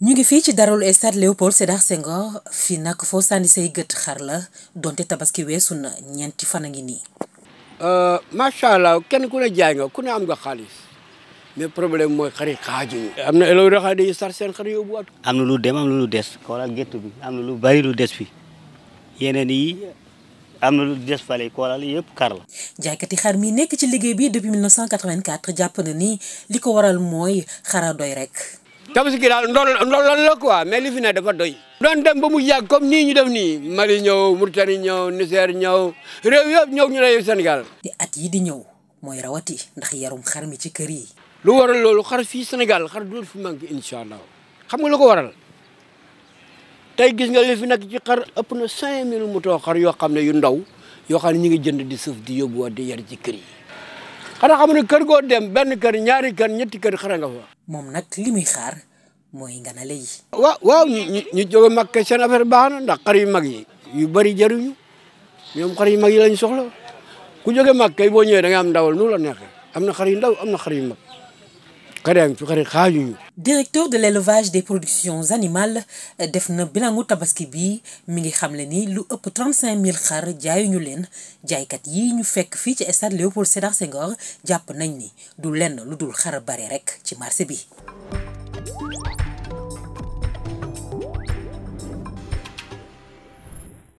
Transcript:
ñu ngi fii ci darul stade Léopold Sédar Senghor fii nag foo sànni say gët xar la donte tabaski weesu na ñeenti fan a ngi nii. Euh, macha allah kenn ku ne jaay nga ku ne am nga xaalis mais problème mooy xari xaajuñu. am na loolu yoo xam am na lu dem am na lu des. xoolal gétt bi am na lu bari lu des fi yeneen yi am na lu des fale koolal yëpp kar la. jaaykati xar mi nekk ci liggéey bi depuis 1984 jàpp na ni li ko waral mooy a doy rek. tabaski gi daal ndool ndool la quoi mais li fi ne dafa doy. doon dem ba mu yàgg comme nii ñu def nii Mali ñëw Mauritanie ñëw Niger ñëw réew yëpp ñëw ñu ne Sénégal. di at yi di ñëw mooy rawati ndax yarum xar mi ci kër yi. lu waral loolu xar fii Sénégal xar du fi manqué incha allah xam nga lu ko waral. tey gis nga li fi nekk ci xar ëpp na 5000 moto xar yoo xam ne yu ndaw yoo xam ne ñu ngi jënd di suuf di yóbbuwaat di yar ci kër yi xanaa xam ne kër goo dem benn kër ñaari kër ñetti kër xara nga fa. moom nag li muy xaar mooy nga na lay. waaw waaw ñu ñu jóge mag seen affaire baax na ndax xar yu mag yi yu bëri jëriñu ñoom xar yu mag yi lañ soxla ku jóge mag kay boo ñëwee da am ndawal nu la neexee am na xar yu ndaw am na xar yu mag. directeur de l'élevage des productions animales def na bilangu tabaski bi mi ngi xam xamle ni lu ëpp 35000 xar jaayuñu leen jaaykat yi ñu fekk fii ci stade Léopold Sédar Senghor jàpp nañ ni du lenn lu dul xar bare rekk ci marché bi